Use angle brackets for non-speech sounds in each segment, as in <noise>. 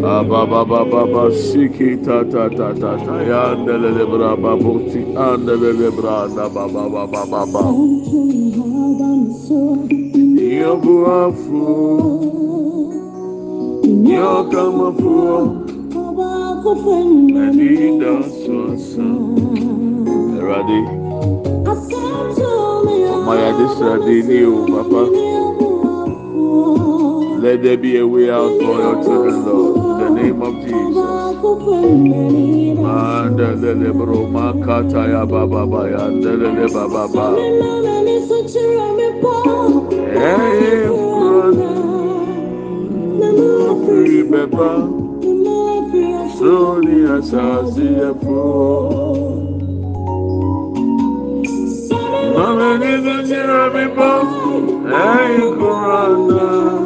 bbbababa sikitatatatata yandelele brababoti andelele brana babasyddiu ma Let there be a way out for your children, Lord. In the name of Jesus. Mandelele bro Hey, Slowly as I see a floor. Mama, this is me people. Hey, Corona.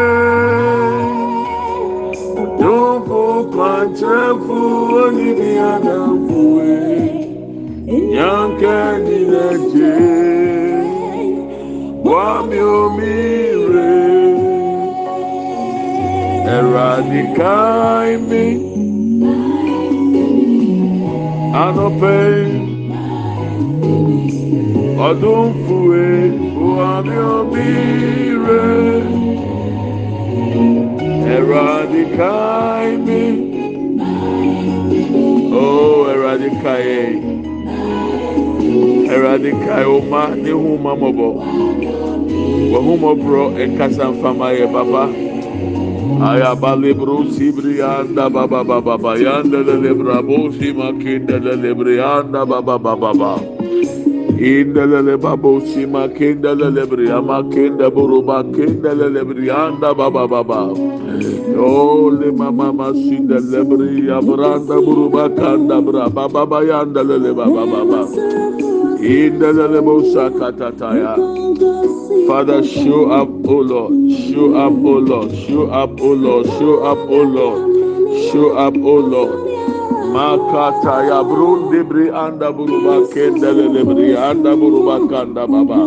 eradikaịmi anọpɛịị ọdụn fuwe fụ amị omire eradikaị mi o eradikaye eradikaị ụma nị hụ mamɔbọ wahumɔborɔ ɛkasa mfama yɛ papa ayaba lebro sibri anda bababababa yanda lelebra bosi makinda lelebri anda bababababa inda leleba bosi makinda lelebri amakinda buruba kinda lelebri anda babababa ole mama masinda lebri abranda buruba kanda bra bababa yanda leleba bababa Father, show up, O Lord. Show up, O Lord. Show up, O Lord. Show up, O Lord. Show up, O Lord. Makata ya brun debri anda buruba kendele debri anda buruba kanda baba.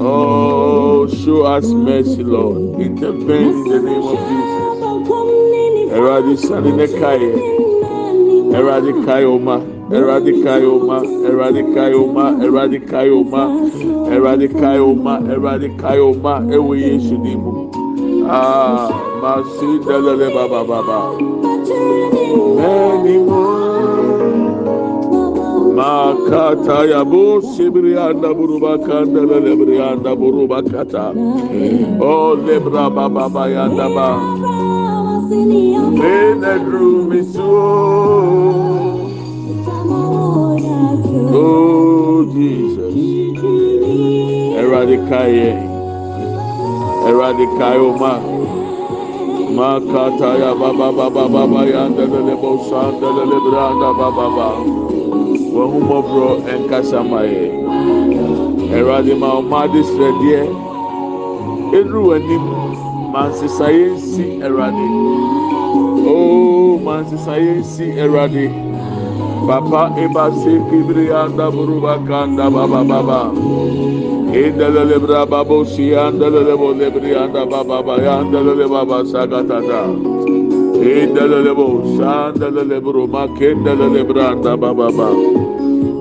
Oh, show us mercy, Lord. Intervene in the name of Jesus. Eradi sani ne kaye. Eradi kaye oma. Eradi Kayoma, Eradi Kayoma, Eradi Kayoma, Eradi Kayoma, Eradi Kayoma, Ewe Yesu Dimu. Ah, Masi Dalale Baba Baba. Many more. Makata ya bo sibrianda burubaka dalale brianda burubakata. Oh, lebra baba baba yanda ba. Nenadru misuo. Oh Jesus. Eradicaye. Eradicayo oh, ma. Makata ya baba baba baba ya branda baba baba. Wahumobro enkasamaye. Eradima omadi sredie. Edru wanim mansisaye eradi. Oh mansisaye eradi. Papa Ebasi Kibrianda kanda Baba Baba. Indele Braba Bosi Andele Bolebrianda Baba lele Baba Sagatata. Indele Bosa Andele Bruma Kendele Branda Baba Baba.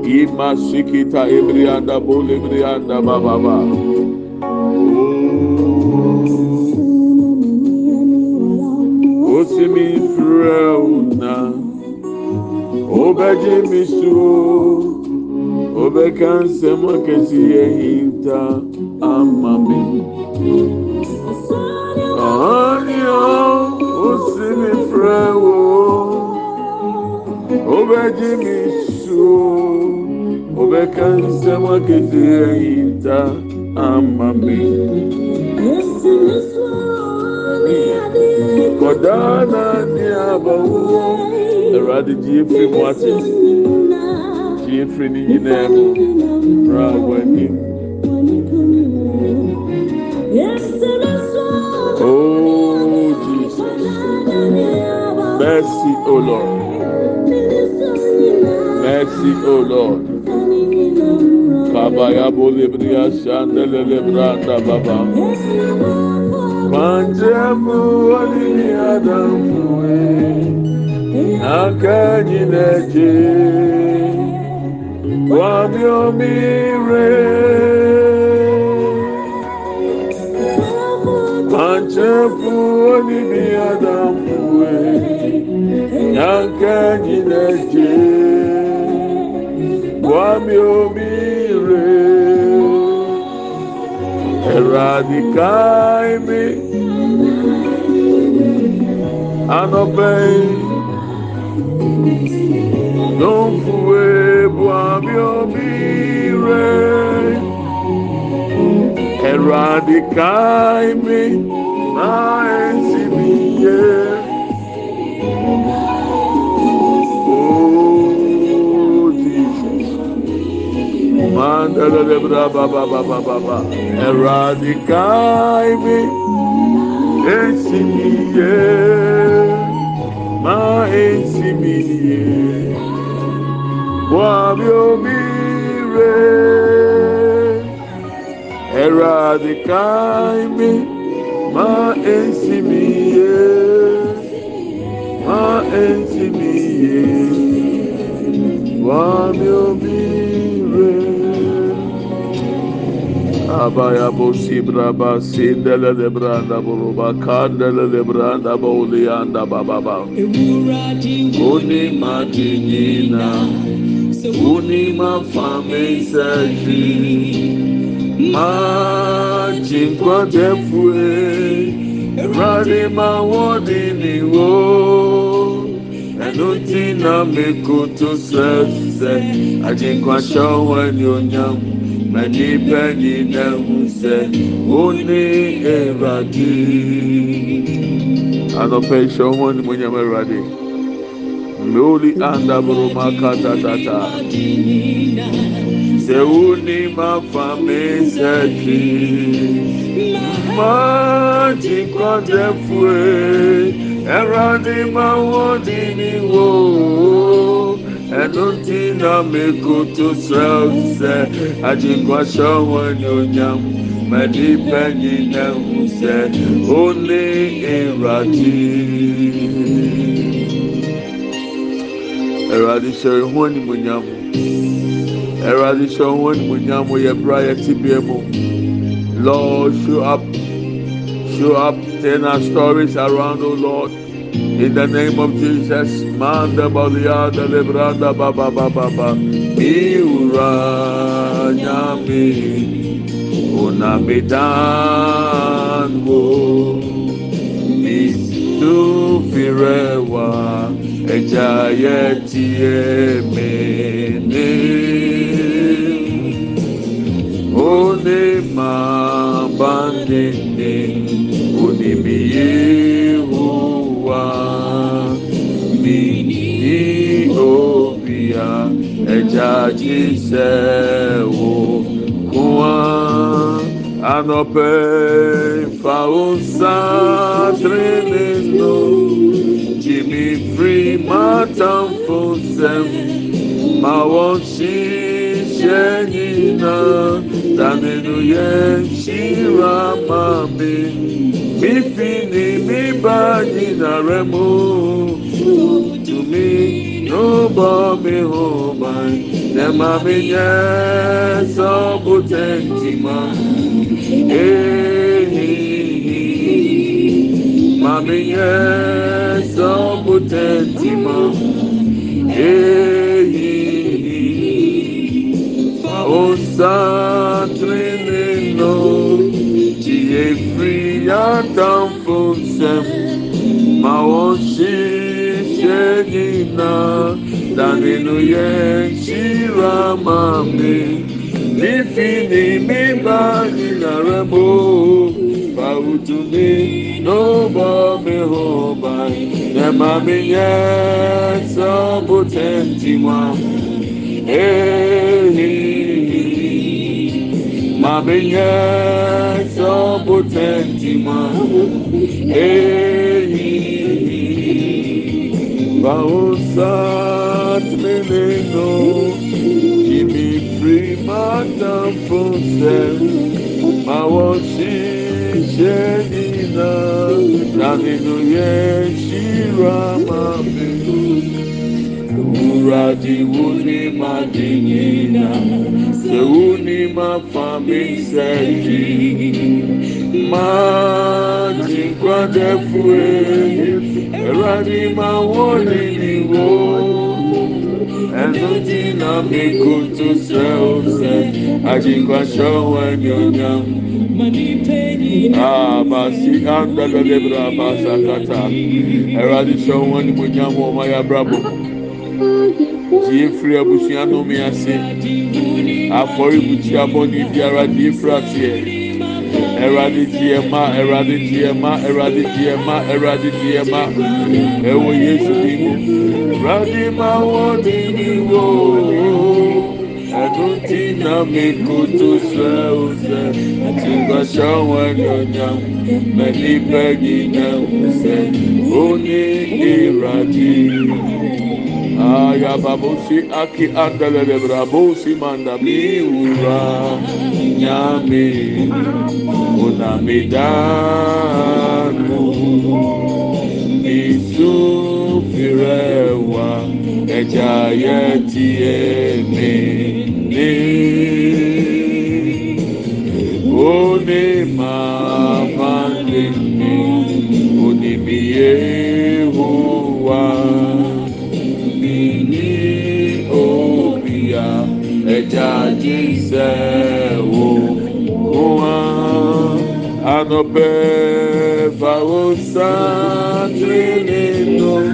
Ima Sikita Ebrianda Bolebrianda Baba Baba. ọbẹji mi so ọbẹka nsẹm akẹsi ehinta ama mi. Ọ̀hánì ọ́ ó sì mi fẹ́ wò ọbẹji mi so ọbẹka nsẹm akẹsi ehinta ama mi. Kọ̀dá náà ní àbáwọ̀ Awurade gye efiri mu ase gye efiri ne nyinaa mu ra wɔ anim. Oh Jesus, mercy, O oh Lord, mercy, O oh Lord. Baba ya bo lebri ya shanda le lebra da baba. Panjamu alini adamu aka nyinachi wamiomire panchapu onibiadamue aka nyinachi wamiomire eradikai mi anọpẹyìn. don fuebuamiomire eradicaime ma ensimie odi mandadadebra babaa eradikaime ensimiler ma ensimie wàmí omi rè ẹ̀rọ àdìkà mi máa wàmí omi Abaya bosi braba sindele de branda buruba kandele de branda bolianda bababa. Oni madinina. wuni mafamesedi majinkwatefue radi mawodi ni wo ẹnutina mi kutusese ajinkwa tyɔ wẹni onyam mẹni beni ne huse woni eradu anọƒɛishọmɔni monyẹmradi meoli anda broma kata tata seuni mafame seki mati kote fue erani mawodi ni wo ẹnu na meko tó sẹ́ọ̀sẹ̀ àjẹgbọ́sọ wọn ni ó yàn mẹ́ni bẹ́yìn náà ń sẹ́ ó ní ìrántí. eradisounimunyamu eradisho honi munyamu yebraye tipiemu lo u shuap tena stories around o lod in de name of jesus mande balyadelebranda bababababa iuranyami unami dan gu i tu firewa eja ye tiemini onima baninin wunimiyiwuwa mii ovia ejacisewo kuan anope fa o nsatrinino firi matamfo nsɛm ma wɔn hyehyɛ nyinaa tani no yɛ nhyira ma mi mi fi ni mi To me, mu tumi n'ụbọ mi hụ ban dema mi nyɛ sɔbutɛ ntima ehi. mami yɛ sɔbutɛtima e maonsatrinino tiyefriya tambonsem mawon sisegina danino ye siramami nifini mi baninarɛmo barutuni no more me hoba ne ma me yet so potenti wa eh ma me yet so potenti wa eh ba o sat me me no give me free my time for self my worship na naninu yẹ ṣíra máa fi wúra di wú ní máa di yìnyínà ṣèwú ní máa fa mi sẹ́ẹ̀dì máa ti gbọ́dẹ̀ fún ẹ ẹ̀rọ ni máa wọlé ní wọ́n. Ẹnudina mi kutu sẹ ose, adigba sọ wẹ nyonyam. abasi andadadebra abasa kata ɛwurade sɛ wɔn ni mo nya mo ɔmo ayɛ abrabɔ die firi abusua no mi ase afɔributi abɔni biara die firi aseɛ ɛwurade die ma ɛwurade die ma ɛwurade die ma ɛwurade die ma ɛwɔ yesu di mu ma wɔ di mi wo. nutinamikutuseuse tingacawenonya meni begine use uni iradi aya babusi aki angelede brabusi manda biura nyami unami danu ìtú fìrẹ́ wá ẹ̀jẹ̀ ayé ti èmi ní. ó ní màmá lè mú onímìyé hùwà mi ní òbíà ẹ̀jẹ̀ jíṣẹ́ wò wá ànọ́pẹ́. Bawosa Trinino,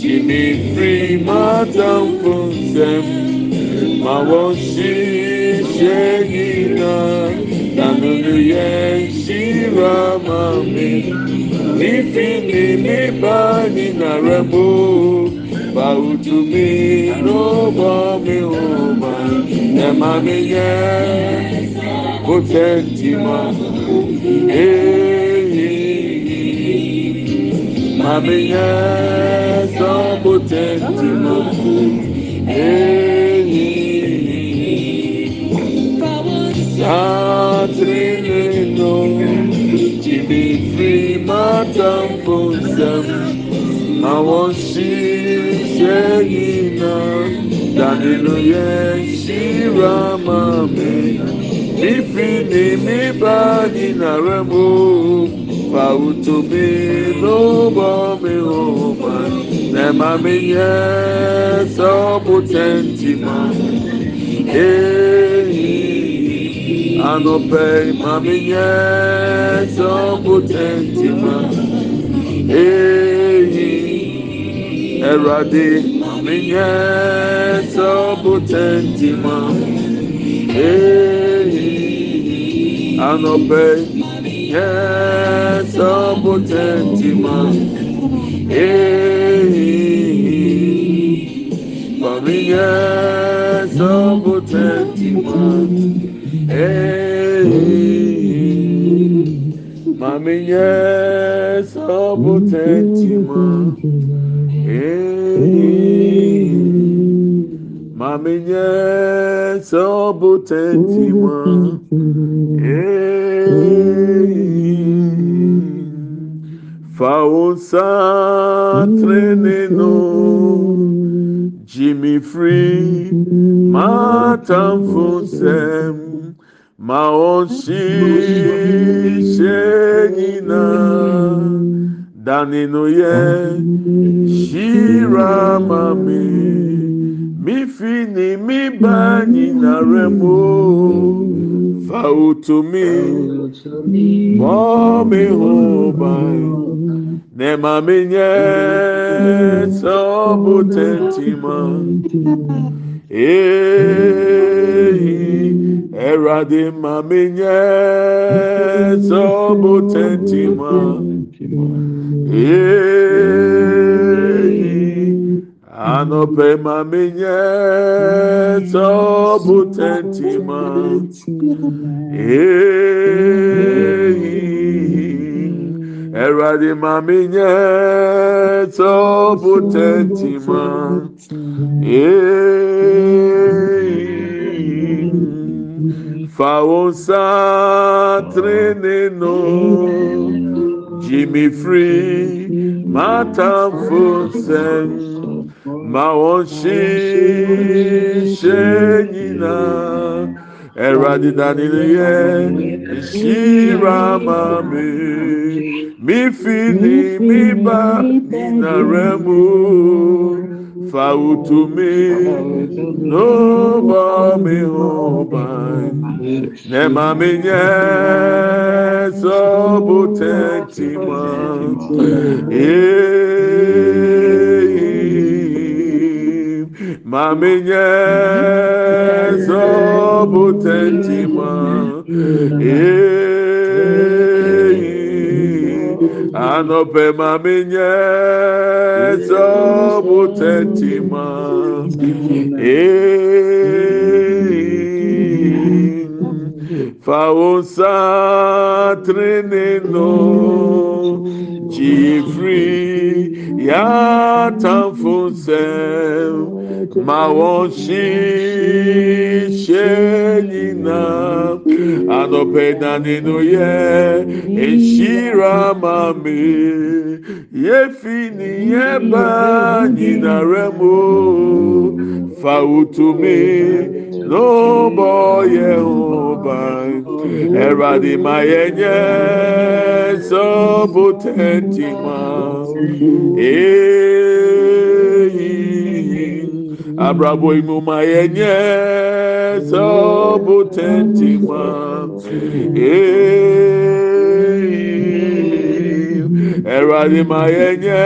Jimmy Free Madam Punsem, Mawoshi Shegina, Nanuye Shira Mami, Nifini Nibani Narabo, Bawutumi no Bami Oma, Nemami Yes, Potenti Ma, Eh. minye sobutentimoku satrineno timifi matambosam awo siseina danino ye siramame ifini mibagi naremo Fautubi no bobe oba ne mame ye so potenti ma eh anope mame ye so potenti ma eh erade mame ye so potenti ma eh anope yeah, so potentima. Hey, mommy, yeah, so potentima. Hey, mommy, yeah, so potentima. Hey, mommy, yeah, so potentima. Fausa treneno Jimmy Free Matam Fusem Maonshi Shenina Daninoye Shira Mami Mifini Mibani Naremo Fautumi ho Hobai ne maame nye sọbụ tentima eyi ẹwurade ma nye sọbụ tentima eyi anọpe maame nye sọbụ tentima eyi. erade mami nye tobutentima eh. fawon satrinino jimifre matanfosen mawon ṣi ṣe nyina era dị daniliye shira mami mi fidi mi ba na rẹmu fautumi no bọ mi hụba ne mame nye zọbụ tent mont Maminha zobutentima Anope maminha zobutentima Faunsa treneno Jifri Yatam Funsem ma wɔn si hyɛ nyinaa anɔpɛ na ninu yɛ ehyira ma mi yefi ni ba mo fa otumi lóbọ yẹ ò bá ẹrọ àdìmá yẹ nyẹ abrabọ ìmùmá ẹ̀yẹ sọ́bù tẹ́ǹtì wọn. Ẹ̀rọ àdìmá ẹ̀yẹ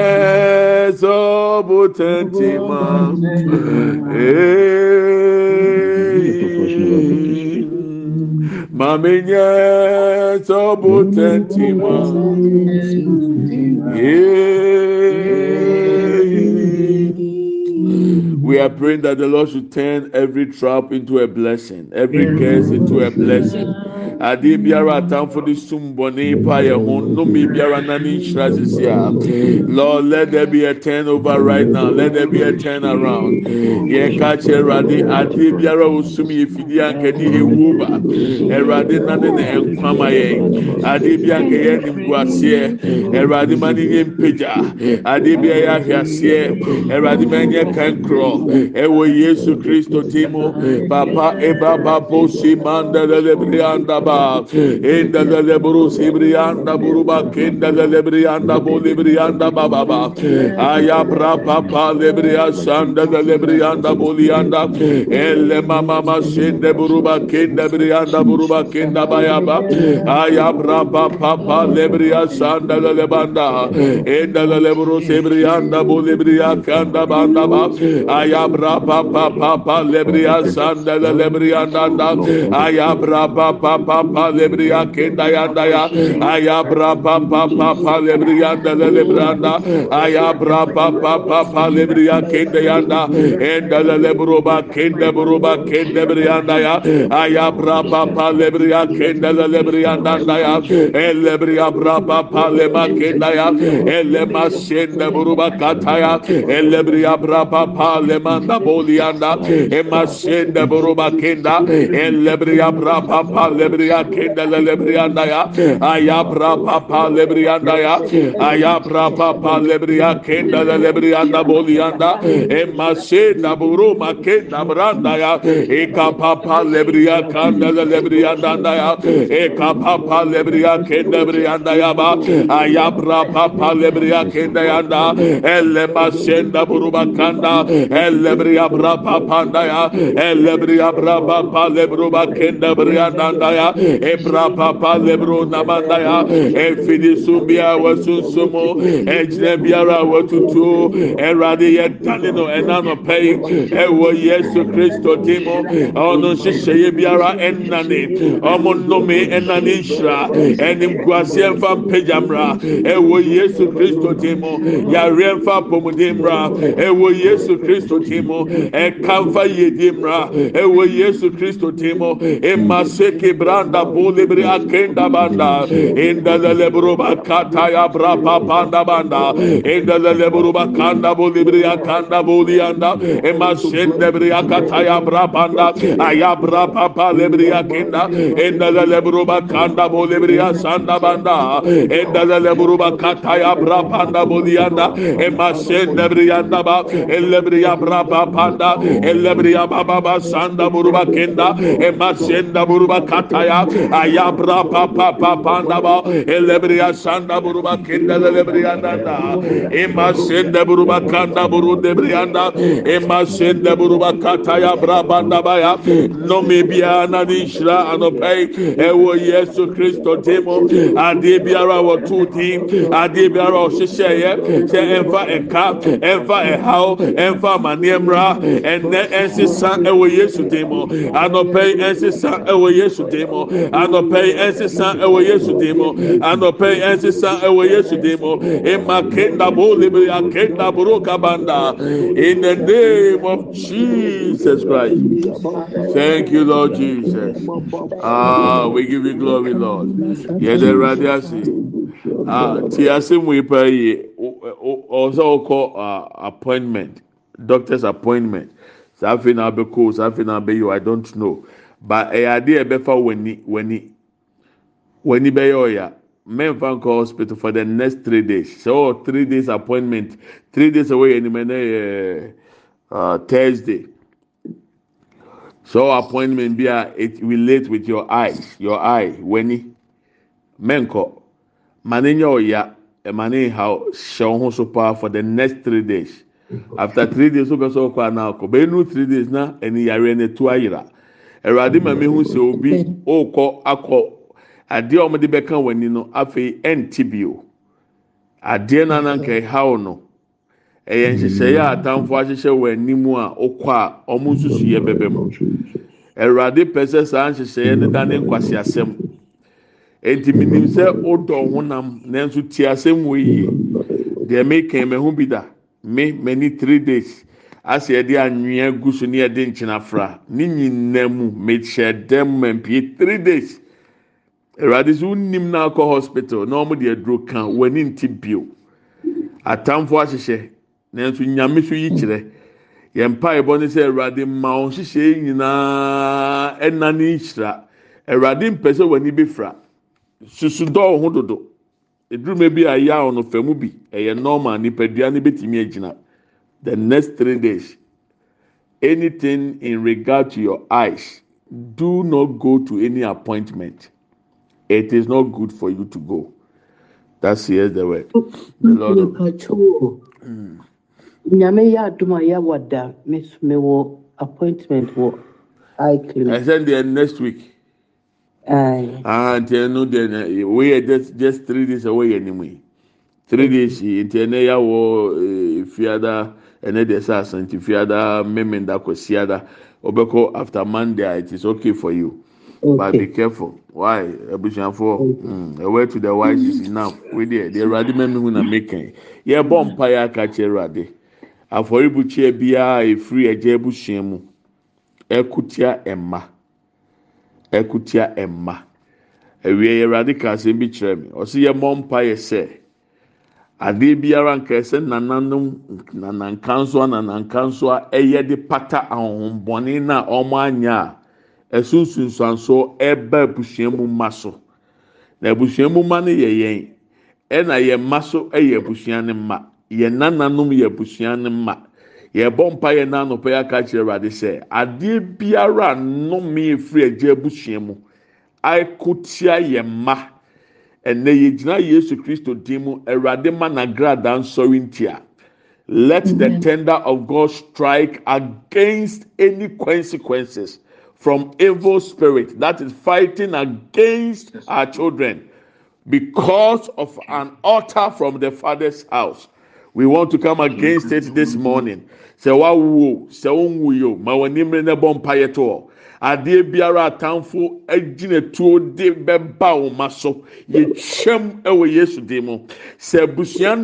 sọ́bù tẹ́ǹtì wọn. Mame nye sọ́bù tẹ́ǹtì wọn. Yeah. We are praying that the Lord should turn every trap into a blessing, every curse into a blessing. Ade biara atamfo for sum bɔne pa yɛ ho mi biara nani ne nhyira Lord, let there be a turnover right now. Let there be a turnaround. Ye ka kyerɛ Awurade ade biara o sum yɛ fidi anka ne ewu ba. Awurade na ne na nkwama ye Ade bi anka yɛ nimguaseɛ. Awurade ma ne nye mpagya. Ade ya a yɛ ahwɛaseɛ. ma ne nye ewe yesu kristo timo papa eba babo simanda lele brianda ba enda lele buru sibrianda buru ba kenda lele brianda bo librianda ba ba ba aya bra papa lebria sanda lele brianda bo lianda elle mama ma de buru ba kenda brianda buru ba kenda ba ya ba aya bra papa lebria sanda lele banda enda lele buru sibrianda bo libria kanda banda ba ayabra pa pa pa pa lebriya da lebriya nanda ayabra pa pa pa pa lebriya kenda yanda ya ayabra pa pa pa pa lebriya dele lebriya nanda ayabra pa pa pa pa lebriya kenda yanda endele lebroba kenda broba kenda lebriya nanda ya ayabra pa pa lebriya kenda lebriya nanda ya elebriya bra pa pa leba kenda ya elema sende broba kataya elebriya bra pa pa lemanda bolianda emasende boruba kenda elebriya brapa pa lebriya kenda lebrianda ya ayabra pa lebrianda ya ayabra pa lebriya kenda lebrianda bolianda emasenda boruma kenda branda ya ekapa lebriya kanda lebriya danda ya ekapa lebriya kenda brianda ya ba ayabra pa lebriya kenda yanda ele masenda boruba kanda elebria brapa pandaya elebria brapa palebruba kenda brianandaya ebrapa palebru namandaya efidisumbia wasusumo ejnebiara watutu erade yedanino enano pei ewo yesu kristo dimo ono shisheye biara enani omo nome enani shra enim kwasi emfa pejamra ewo yesu kristo dimo yare emfa pomudimra ewo yesu kristo kristo din mu ɛnkamfa yɛdi mmara ɛwɔ yesu kristo din mu emaseke branda bolebere akenda banda endaleleboroba ya brapa banda banda endaleleboroba kanda bolebere akanda E bolianda emasendebere akataya brabanda ayabra papa lebere akenda endaleleboroba kanda bolebere asanda banda endaleleboroba kataya brabanda bolianda emasendebre yanda ba ellebre ya raba panda elebriya baba sanda buruba kenda emasenda buruba kataya ayabra papa panda ba elebriya sanda buruba kenda elebriya nanda emasenda buruba kanda buru debriyanda emasenda buruba kataya brabanda baya no mebia na nishra anopai ewo yesu kristo demo ade biara wɔ tu din ade biara ɔhyehyɛ yɛ sɛ ɛnfa ɛka ɛnfa ɛhaw ɛnfa ma nneɛma ɛnɛ ɛsesa ɛwɔ yesu demo, mu anɔpɛ yi ɛsesa ɛwɔ yesu dim mu anɔpɛ yi ɛsesa ɛwɔ yesu dim mu anɔpɛ yi ɛsesa ɛwɔ yesu dim mu ema kendabo libiri akendaboro kabanda in the name of jesus christ thank you lord jesus ah we give you glory lord yɛde ɛwurade ase ah ti ase mu ipa yie ɔsɛ ɔkɔ appointment. doctor's appointment saa afei na abɛkɔ saa afei na abɛyɛ i don't know but ɛyɛ adeɛ ɛbɛfa w'ani w'ani w'ani bɛyɛ ɔya mmefa nkɔ hospital for the next three days So three days appointment three days away yɛ nimu ɛnɛ yɛ thursday so appointment bi a it relate with your eye your eye w'ani mmenkɔ ma ne nyɛ ɔya ɛma ne ha hyɛ ɔho so paa for the next three days. after three days wọ́n bẹ sọ ọkọ àná ọkọ bẹ́ẹ̀ nu three days na ẹni yàrá ẹni tó ayira ẹ̀rọ adé màmí hu sẹ obi ọkọ akọ adeɛ a wɔde bɛka wɔn ani no afei ɛnti bio adeɛ nanan ka ɛha wɔn no ɛyɛ nhyehyɛeɛ a atamfo ahyehyɛ wɔn anim a ɔkɔ a wɔn nso so yɛ bɛbɛ mu ɛwurade pɛ sɛ saa nhyehyɛeɛ no da ne nkwasi asɛm eti minim sɛ ɔdɔ ɔhonam nanso ti asɛm wɔ yie deɛ meka ɛmɛ ho bi da. me many three days asɛ yɛde anwea gu so ne yɛde nkyena fra ne nyinaa mu mehyɛ dɛm mampie three days awurade sɛ wonim no akɔ hospital na wɔn de aduro ka w'ani nti bio atamfo ahyehyɛ nanso nyame so yi kyerɛ yɛn mpaebɔ ne sɛ awurade ma wɔn hyehyɛ nyinaa ɛnane nhyira awurade mpɛ sɛ w'ani bɛfira susu dɔɔ ho dodo eduruma bi a yɛ a ɔno mu bi. ɛyɛ normal nipadua no bɛtumi agyina the next three days anything in regard to your eyes do not go to any appointment it is not good for you to go that's here's the word hmm. nyame yɛ adum a yɛwɔ da mewɔ appointment wɔ eye i send there next week. ayi. ah nti ɛnu deɛ eh, wei just just three days away yɛ nimu yi. three days nti ɛnɛ yà wɔ eh, fiada ɛnɛ deɛ sɛ asante fiada mmemmenda kɔsiada ɔbɛkɔ after monday it is okay for you okay. but be careful why abusuafo ɛwɛ mm, to the wise is enough wey deɛ deɛ ɛwurade mɛmi na mekan yɛ bɔ mm. mpa yɛ aka kyerɛ ɛwurade afɔribukyia biara efiri ɛgya ebusua mu ɛkutia ɛma ɛkutia ɛma ɛwia yɛ ɛwurade kaa asɛm bi kyerɛ mi ɔsi yɛ mɔ mpa yɛ sɛ. ade biara nkɛse nananom nananka nso a nananka nso a ɛyɛ de pata ahohombɔne na wɔn anya a ɛso nsunsuansoɔ ɛba abusua mu ma so na abusua mu ma no yɛ yɛn ɛna yɛn mma so yɛ abusua ne mma yɛn nananom yɛ abusua ne mma yɛbɔ mpa yɛn nanopɛ yɛ aka kyerɛ awurade sɛ Ade biara nnome efiri agye abusua mu akotia yɛn mma. ɛnna yɛgyina yesu kristo din mu awurade ma n'agrada nsɔre ntia let the tender of god strike against any consequences from evil spirit that is fighting against our children because of an altar from the father's house we want to come against it this morning sɛ wawo sɛ onwuyo ma wɔn nimire na bɔ mpaeɛ adeɛ biara atamfo agyinatuo de bɛba wo ma so yɛtwam wɔ yesu de mu sɛ abusua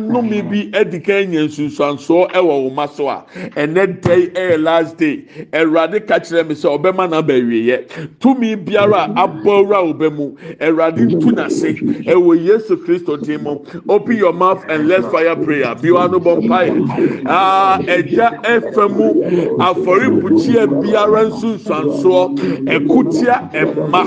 bi adi kan nya nsunsuansoɔ wɔ ma so a ɛnɛ last day awurade ka kyerɛ me sɛ ɔbɛma tumi biara abɔ awura wo mu awurade n'ase yesu kristo de mu open your mouth and let fire prayer bi wa no bɔ mpae aa ɛgya biara nsunsuansoɔ ɛkutia ɛma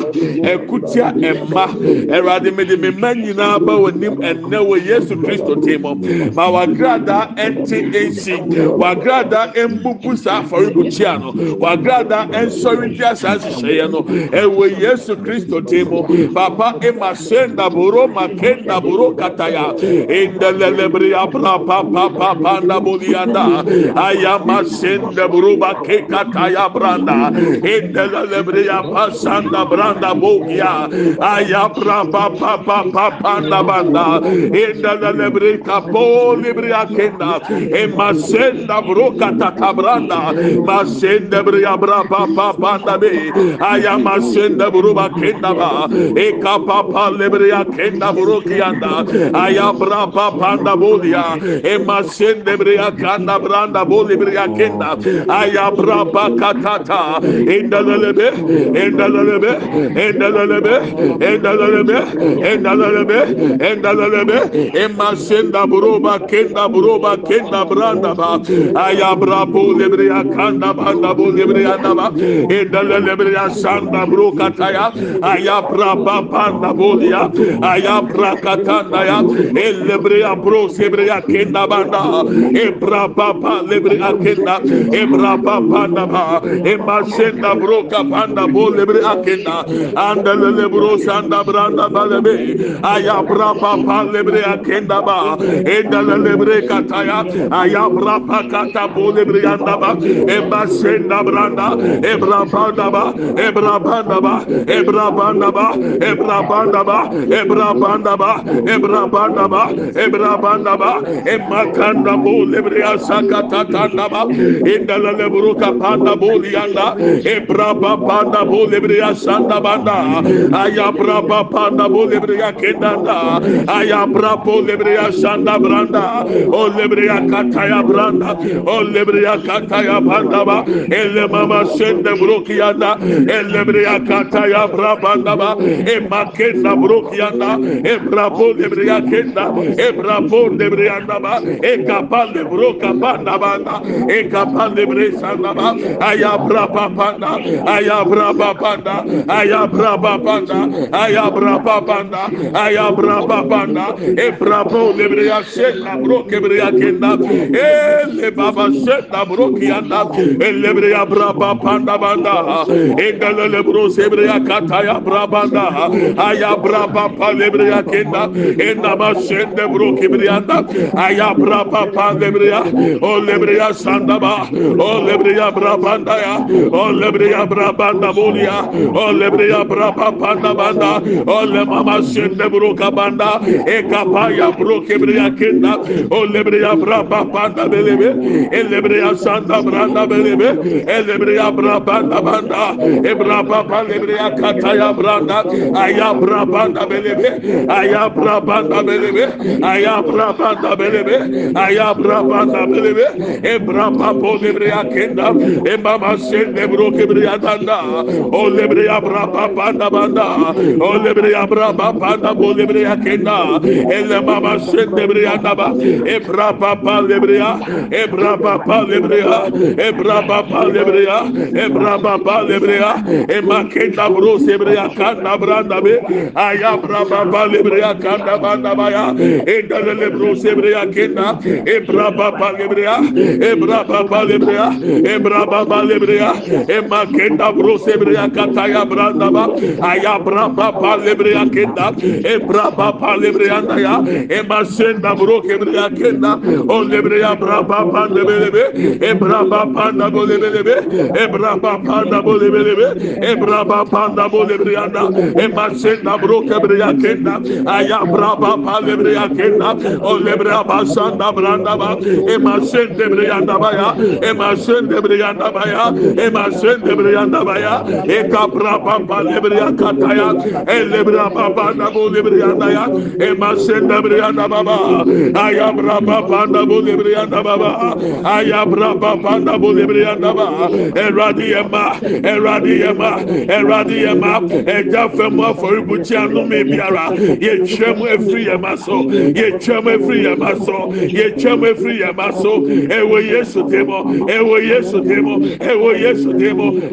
ɛkutia ɛma ɛwurade mede me mma nyinaa ba wɔ nim ɛnɛ wɔ yesu kristo tem mu ma wagrada ɛnte ɛnsi wagrada ɛnbubu saa afɔrebukyia no wagrada ɛnsɔre gya saa nhyehyɛeɛ no ɛwɔ yesu kristo tem mu papa ema sendaboro makendaboro kataya indelelebre abra papa papa ndabolianda ayama sendaboro kataya branda indel bela lebreya pasanda branda bogia ayapra pa pa pa pa panda banda inda la lebre kapo libria kenda e masenda broka takabranda masenda bria bra pa pa panda be ayamasenda bruba kenda ba e kapa pa lebria kenda brokianda ayabra pa panda bolia e masenda bria kanda branda boli bria kenda ayabra pa katata inda endalalebe endalalebe endalalebe endalalebe endalalebe endalalebe emasenda buroba kenda buroba kenda branda ba ayabra bu lebriya kanda banda bu lebriya da ba endalalebreya sanda bro kataya ayabra ba banda bu ya ayabra katanda ya elebreya bro sebreya kenda banda ebra ba ba lebreya kenda ebra ba banda ba emasenda bro kapanda bolebre akenda andele bro sanda branda balebe ayabra papa lebre akenda ba endele lebre kataya ayabra pakata bolebre anda ba eba senda branda ebra panda ba ebra panda ba ebra panda ba ebra panda ba ebra panda ba ebra panda ba ebra panda ba emakanda bolebre asakata tanda ba endele bro kapanda bolianda ebra braba panda bu lebriya sanda banda. Aya braba panda bu lebriya kendanda. Aya brabo lebriya sanda branda. O lebriya kataya branda. O lebriya kataya banda ba. Elle mama sende brokiyanda. Elle lebriya kataya brabanda ba. E makenda brokiyanda. E brabo lebriya kenda. E brabo lebriya ba. E kapal de broka panda banda. E kapal de bresa ba. Aya braba panda ayabrababanda ayabrababanda ayabrababanda ayabrababanda ebrabo lebriya şekla bro kebriya kenda ele baba şekla bro kiyanda elebriya brababanda banda egalele bro sebriya e kataya brabanda ayabrababa lebriya kenda endaba şende bro kebriyanda ayabrababa lebriya e o lebriya sandaba o lebriya brabanda ya o lebriya brabanda bolia ole bria brapa panda banda ole mama sende bruka banda e kapaya bruke bria kenda ole bria brapa panda belebe ele bria santa branda belebe ele bria brapa banda e brapa panda bria kataya branda aya brapa banda belebe aya brapa banda belebe aya brapa banda belebe aya brapa banda belebe e brapa pole bria kenda e mama sende bruke bria banda, o lebre brapa panda banda, o lebre brapa panda bo lebre akenda, ele baba sen lebre andaba, ebra baba lebre ebra baba lebre ebra baba lebre ebra baba lebre ya, ken'da makenda bro lebre akanda branda be, aya bra baba lebre akanda banda baya, e dalele bro lebre akenda, ebra baba lebre ebra baba lebre ebra baba lebre ya, e kenda brosebria kataya branda ba aya brapa palebria kenda e brapa palebria anda ya e basenda bro kebria kenda o lebria brapa pandebelebe e brapa panda bolebelebe e brapa panda bolebelebe e brapa panda bolebria anda e basenda bro kebria kenda aya brapa palebria kenda o lebria basanda branda ba e basenda bria anda ba ya e basenda bria anda ba ya e basenda bria abraarak ebr ryraaay ed edyma edyma edafemu afutianume biara yeem efrys y fr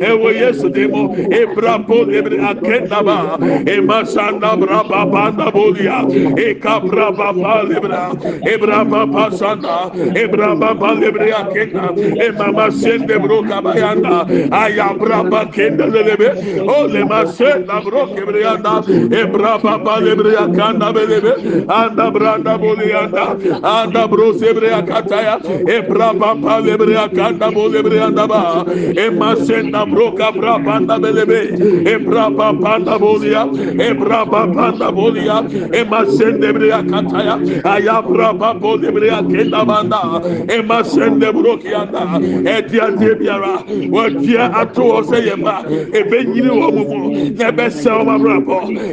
f ewe yesu demo e brapo de akenda ba e masanda braba banda bolia e kapra baba lebra e braba pasanda e braba balebre akenda e mama sen de broka bayanda aya braba kenda lebe o le masen la broke brianda e braba balebre akanda belebe anda branda bolianda anda brose bre akataya e braba balebre akanda bolebre anda ba e masenda bro belebe e bolia e bolia e masende bria kataya aya bolia bria kenda banda e masende broki anda e dia dia biara dia yema e benyini mu be se o ma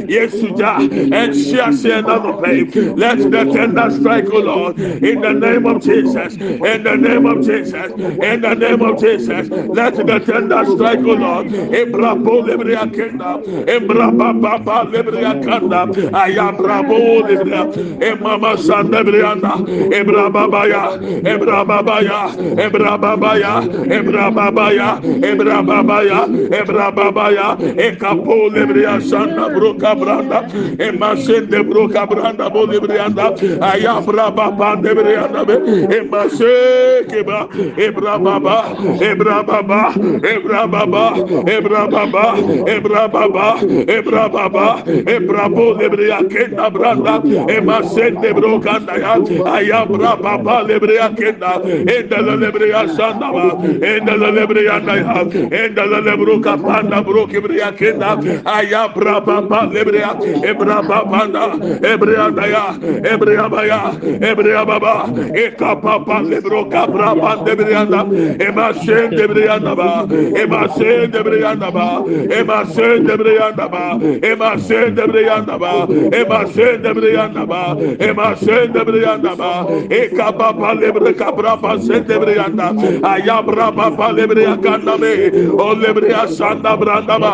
yesu ja e na no pay let the tender strike o lord in the name of jesus in the name of jesus in the name of jesus let the tender strike ya ya ya, ya, ya, Legolot, Ebrabo Lebriakenda, Ebrababa Lebriakanda, Ayabrabo Lebria, Emama Sandebrianda, Ebrababaya, Ebrababaya, Ebrababaya, Ebrababaya, Ebrababaya, Ebrababaya, Ekapo Lebria Santa Broca Branda, Emasende Broca Branda Bolibrianda, Ayabrababa Debrianda, Emase Keba, Ebrababa, Ebrababa, Ebrababa, baba, ebra baba, ebra baba, ebra baba, ebra bo lebreya kenda branda, ema sen de bro kanda ya, ayabra baba lebreya kenda, enda la lebreya sanda ba, enda la lebreya na ya, enda la lebro kapanda bro kibreya kenda, ayabra baba lebreya, ebra baba na, ebreya na ya, ebreya ba ya, ebreya baba, ekapa baba lebro kapra baba lebreya na, ema sen de lebreya na ba, ema sen de bre yanda ba. Ema sen de bre yanda ba. Ema sen de bre yanda ba. Ema sen de bre yanda ba. Ema sen de bre yanda ba. E kapa pa le bre kapra pa sen de bre yanda. Aya bra pa pa le bre yakanda me. O le bre ya sanda branda ba.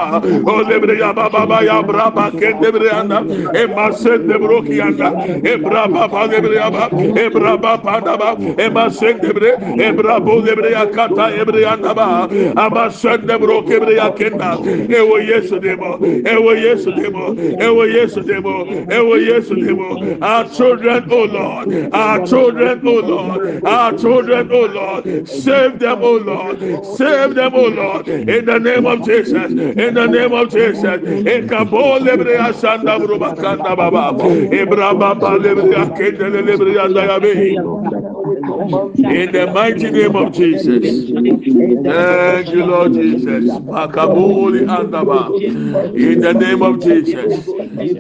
O le bre ya ba ba ba ya bra pa ken de bre yanda. Ema sen de bro ki yanda. E bra pa pa le bre ya ba. E bra pa pa da ba. Ema sen de bre. E bra bo le bre yakata e bre yanda ba. Ama sen de lebro kebre ya kenda ewo yesu demo ewo yesu demo ewo yesu demo ewo yesu demo our children oh lord our children oh lord our children oh lord save them oh lord save them oh lord in the name of jesus in the name of jesus in kabo lebre ya sanda bro bakanda baba ibrahim baba lebre ya kenda lebre ya dayabe in the mighty name of Jesus. Thank you, Lord Jesus. Makabuli Andaba. In the name of Jesus.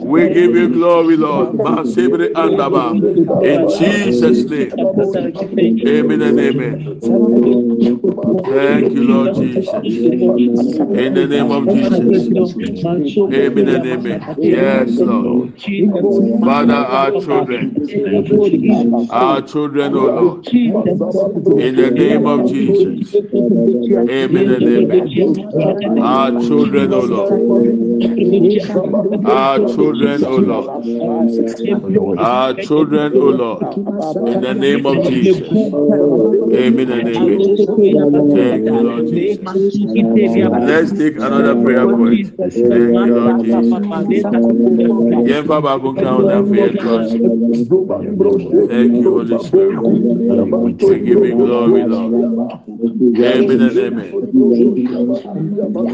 We give you glory, Lord. Andaba. In Jesus' name. Amen and amen. Thank you, Lord Jesus. In the name of Jesus. Amen and amen. Yes, Lord. Father, our children. Our children, in the name of Jesus. Amen and amen. Our children, O oh Lord. Our children, O oh Lord. Our children, O oh Lord. In the name of Jesus. Amen and amen. Thank you, Lord Jesus. Let's take another prayer point. Thank you, Lord Jesus. Thank you, Holy Spirit. We give you glory, Lord. Amen and amen.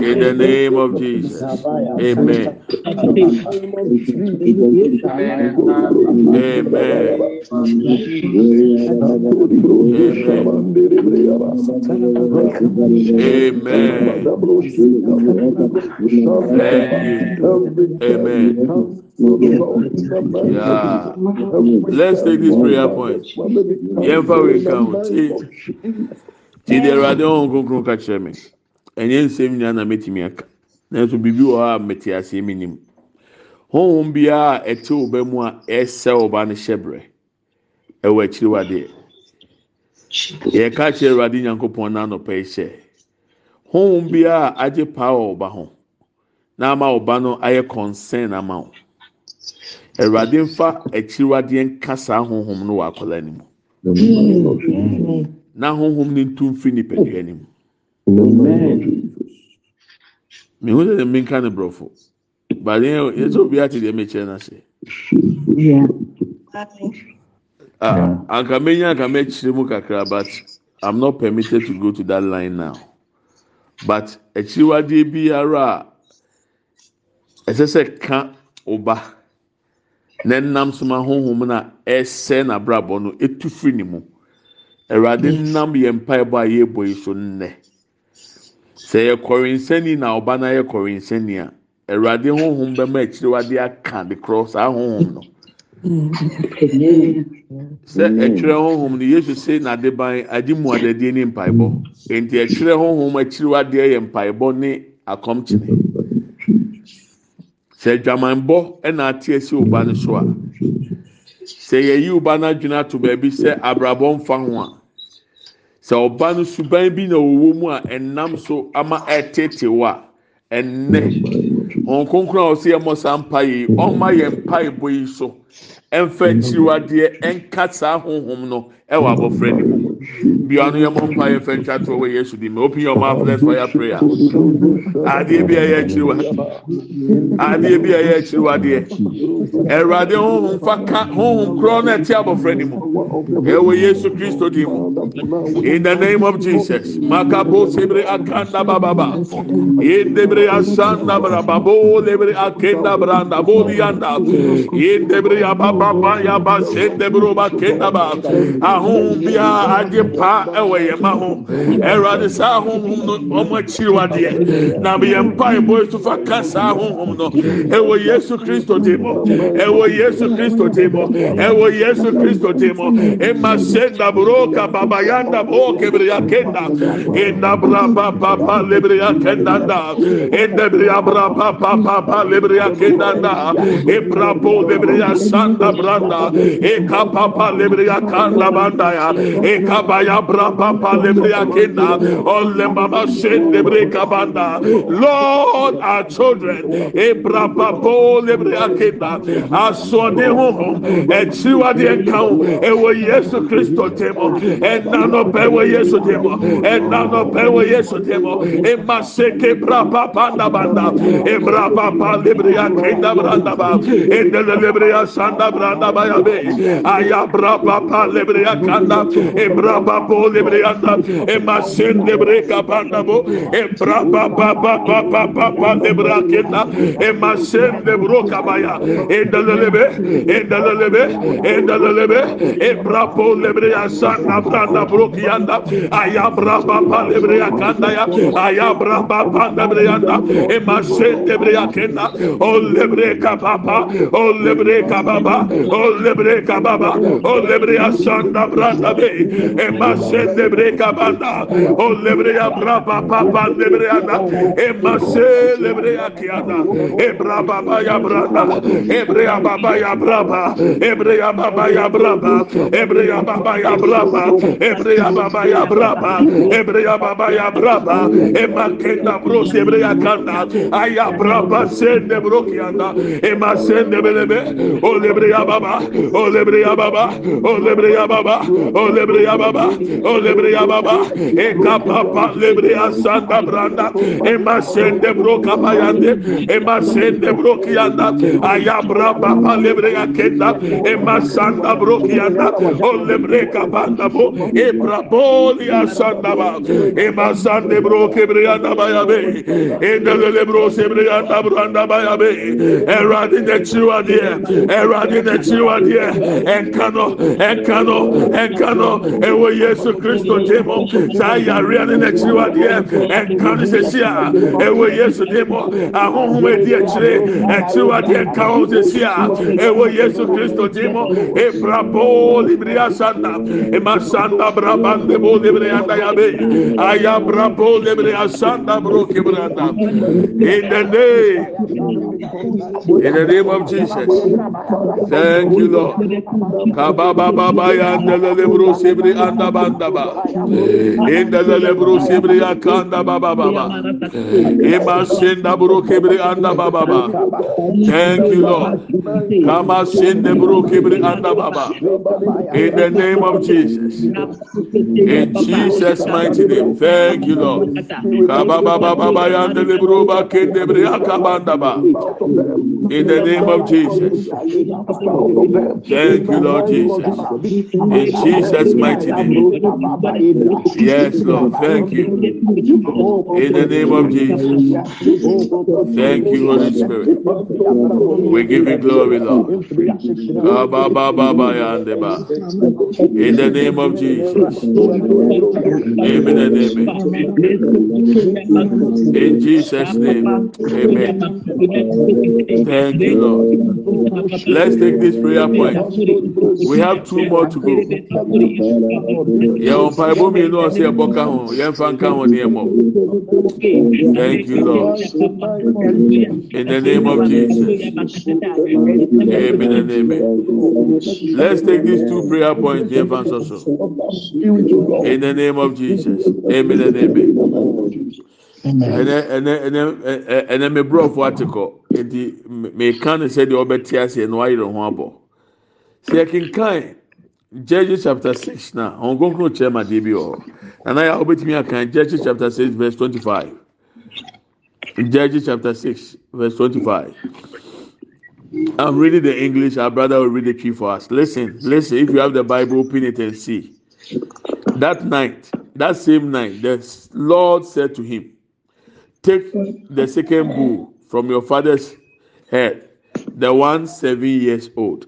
In the name of Jesus. Amen. Amen. Amen. Amen. Amen. Yeah. Let's take this prayer point. yẹn fa wei ka ho ti ti de awurade ɔn kunkun ka kyerɛ mi ɛnyɛ nsɛm nyinaa na mɛtumi aka nanso biribi wɔ hɔ a mɛte aseɛ mi nim honhom a ɛte ɔba mu a ɛsɛ ɔba no hyɛ brɛ ɛwɔ akyiri wadeɛ yɛka kyerɛ awurade nyankopɔn hyɛ honhom paa ɔba na ɔba no ayɛ ama awurade nfa akyiri nka saa honhom no the name of Jesus. Na honhom ne ntu mfiri nipadua anim. Me hu sɛ me nka ne borɔfo. Bade yɛ sɛ obi ate deɛ mekyerɛ no ase. Ah, anka menya anka mɛkyerɛ mu kakra but I'm not permitted to go to that line now. But akyiriwadeɛ biara a ɛsɛ sɛ ka ɔba. na nnam soma honhom na ɛsɛ n'abrabɔ no etu firi ne mu awurade nam yɛn mpaebɔ a yɛbɔ yi so nnɛ sɛ yɛ kɔrensɛni na ɔba na yɛ kɔrensɛni a awurade honhom bɛma akyiriwade aka de korɔ saa honhom no sɛ ɛtwerɛ honhom no yesu se n'adeban adi mu adadie ne mpaebɔ mm. nti ɛtwerɛ honhom akyiriwadeɛ yɛ mpaebɔ ne akɔmkyene. sɛ adwamanbɔ ɛna ate asi ɔba no so a sɛ yɛyi ɔba no adwene ato baabi sɛ abrabɔ mfa ho a sɛ ɔba no suban bi na ɔwɔ mu a ɛnam so ama ɛtete wɔ a ɛnɛ wɔn konkono a ɔsɛ yɛ mɔ saa mpa yi ɔma yɛ mpa ebɔ yi so ɛnfɛ kyiriwadeɛ ɛnka saa honhom no ɛwɔ abɔfra ne mu. Be on your mom fire fan chat for where you should be. Open your mouth, let's fire prayer. Adeɛ bi a yɛ akyiri wa, adeɛ bi a yɛ akyiri wa deɛ, ɛwurade huhun fa ka huhun korɔ na ɛte abɔfra ni mu, ɛwɔ Yesu Kristo di mu. In the name of Jesus, makabo sebere akanda bababa, yendebere asanda babo. lebere akenda branda bodi yanda, yendebere abababa yaba sendebere oba kenda ba, ahun bi adeɛ paa ɛwɔ yɛn ma ho ɛwurade saa ahohom no ɔmo akyiri wadeɛ na yɛn mpa ebo esu ka saa no ɛwɔ yesu kristo de mo ɛwɔ yesu kristo de mo ɛwɔ yesu kristo de mo se ka baba ya ya kenda endabra ya kenda da endebre ya bra ya kenda da ebra po ya santa branda e ka ya kanda banda ya eka Kabaya Brapa Palebriakina, Ole Mama Shende banda. Lord, our children, Ebrapa Polebriakina, Aswaneho, and Chiwadi Ekau, Ewe Yesu Christo Temo, and Nano Pewe Yesu Temo, and Nano Pewe Yesu Temo, Emaseke Brapa Panda Banda, Ebrapa Palebriakina Brandaba, Edelebria Sanda Brandaba Yabe, Ayabra Papa Ayabrapa Kanda, Ebra. rababo lebreyanda e masen lebre kapanda e braba baba baba baba lebraketa e masen lebro kabaya e dalalebe e dalalebe e dalalebe e brabo lebreyasa nabranda brokiyanda ayabra baba lebreyakanda ya ayabra baba lebreyanda e masen lebreyakenda o lebre kapapa o lebre kapapa o lebre kapapa o lebreyasa nabranda be emasenebrekabada olebreia braba papalebreana emaselebreakiana ebrababayabraa ebreaba eryabraba ebreababa ya braba emakenabroebreakada ayabrabasenebrokiana emasenebeebe lbr baba o lebriya baba e kapapa lebriya santa branda e masende bro kapayande e masende bro kiyanda ayabra baba lebriya kenda e masanda bro kiyanda o lebre kapanda bo e brabolia santa ba e masande bro kebriya da bayabe e delele bro sebriya da branda bayabe eradi de chiwa die eradi de chiwa die enkano enkano enkano e ewo yesu kristo demo saa yareɛ ne n'akyiri wadeɛ ɛnka no sɛsi a ewo yesu demo ahohom edi akyire akyiri wadeɛ nka ho sɛsi a ewo yesu kristo demo ebrabo libiri asanda ema sanda brabande bo libiri anda yabe aya brabo libiri asanda bro kibranda in the name in the name of jesus thank you lord Kaba baba yandele libro sibiri kanda banda ba inda lele bro sibri ya kanda ba ba ba ba ema senda bro kibri anda ba ba ba thank you lord kama senda bro kibri anda ba ba in the name of jesus in jesus mighty name thank you lord kaba ba ba ba ba ya ndele bro ba kende bri ya kabanda ba in the name of jesus thank you lord jesus in jesus mighty Yes, oh, oh, Lord. Thank you. In the name of Jesus. Thank you, Holy Spirit. We give you glory, Lord. In the name of Jesus. Amen and amen. In Jesus' name. Amen. Thank you, Lord. Let's take this prayer point. We have two more to go. yɛwɔ mpaebɔ mmienu a ɔsɛ ɛbɔ ka ho yɛmfa nka ho nneɛma thank you lord in the name of jesus amen and amen let's take these two prayer points yɛmfa nso so in the name of jesus amen and amen. ɛnɛ ɛnɛ ɛnɛ ɛnɛ mebrɔfo ate kɔ nti meka no sɛdeɛ ɔbɛte aseɛ na wayere ho abɔ sɛ yɛkenkan Judges chapter six na àwọn gbọ́ngàn kyerẹ́ màdé bi wọ̀ nana yà ọbẹ̀tìmí àkàn Judges chapter six verse twenty-five Judges chapter six verse twenty-five. I'm reading the English. Our brother will read the key for us. Listen, listen. If you have the Bible, open it and see. That night, that same night, the Lord said to him, Take the second bull from your father's head, the one seven years old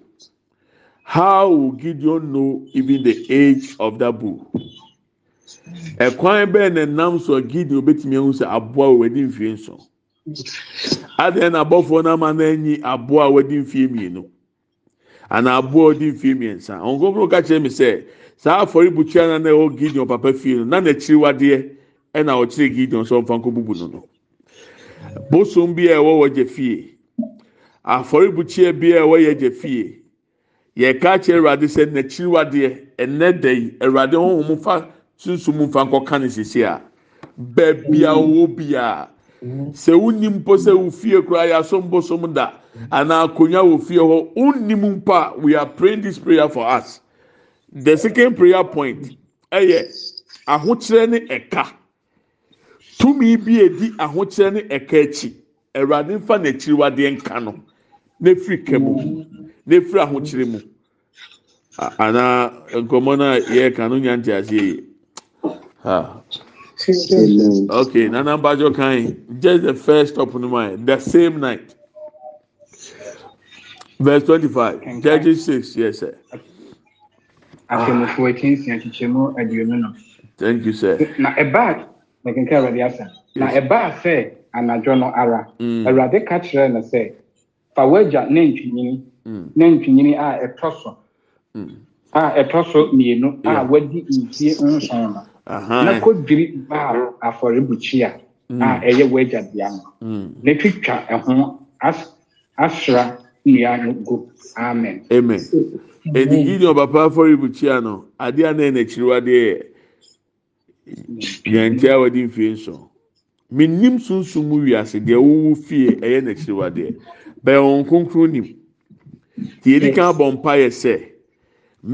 how gideon know even the age of that bull ɛkwan bɛyɛ na nam so gideon obetumi ehu sɛ aboa a wɔadi mfie nson adeɛ na abɔfoɔ na ama na enyi aboa a wɔadi mfie mmienu ana aboa a wɔadi mfie mmiɛnsa ɔnkɔnkɔn ka kyerɛ mi sɛ saa afɔribukyia na na ɛwɔ gideon papa fie no na n'akyiri wadeɛ ɛna ɔkyerɛ gideon sɛ ɔnfa nkɔ bubu no no bosom bi a ɛwɔ wɔ gye fie afɔribukyia bi a ɛwɔ yɛ gye fie. yɛka kyerɛ awurade sɛ n'akyiriwadeɛ ɛnɛ da yi awurade honhom fa sunsun fa nkɔka ne sisi a baabi a wɔwɔ bia sɛ wonim mpo sɛ wo fie koraa yɛaso mbosom da anaa akonnwa wɔ fie hɔ wonim mpo a we are praying this prayer for us the second prayer point ɛyɛ ahokyerɛ ne ɛka tumi bi edi ahokyerɛ ne ɛka akyi awurade nfa n'akyiriwadeɛ nka no n'efiri kɛmu na efiri ahokyere mu ana nkɔmɔ na yɛ ka no nya nti aseɛ yi ha okay nana mbajɔ kan just the first stop no ma the same night verse twenty-five judges six yes sir. akemofo ah. ekinsia kyekyemu aduonu no. thank you sir. na ɛbaa na kankan awurade asa na ɛbaa sɛ anadwo no ara awurade ka kyerɛ no sɛ fa wagya ne ntwinini. Mm. na ntwinyini a ɛtɔ so mm. a ɛtɔ so mmienu a wadi nsie nson no na kɔdwiri baal afɔrebukyia a mm. ɛyɛ wagya bea no na twitwa ɛho asra nnua no gu amen. amen. ɛdi gidi ɔbapa afɔrebukyia no adeɛ anan n'akyiriwadeɛ yɛn ti a wɔde mfie nson menim sunsun mu wiase deɛ wowu fie ɛyɛ n'akyiriwadeɛ bɛn wɔn nkonkron nim deɛ yɛdi kan bɔ mpa yɛ sɛ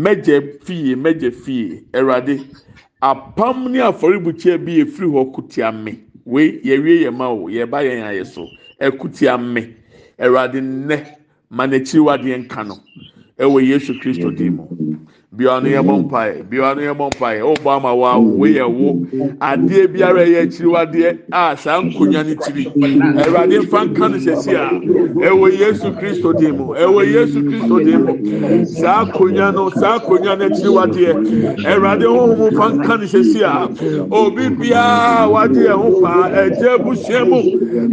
mɛgye fie mɛgye fie ɛwurade apam ne afɔrebukyia bi efiri hɔ kutia me wei yɛwie yɛ ma o yɛba yɛn ayɛ so ɛkutia me ɛwurade nnɛ ma n'akyiriwadeɛ nka no ɛwɔ yesu kristo dim biara no yɛ bɔ mm-hmm. mpaeɛ biara no yɛ bɔ mpaeɛ ɔbɔ ama wa woyɛ wo adeɛ biara yɛ akyiriwadeɛ a saa nkonya no tiri awurade mfa nka no hyɛsi a ɛwɔ yesu kristo dim mu ɛwɔ yesu kristo dim mu saa nkonya no saa nkonya no akyiriwadeɛ awurade honhom mfa nka no hyɛsi a obi biara wagye yɛn ho paa ɛgye abusua mu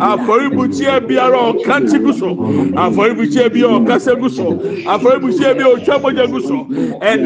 afɔribukyia biara ɔka nti gu so afɔribukyia bi ɔkasa gu so afɔribukyia bi ɔtwa mogya gu so ɛn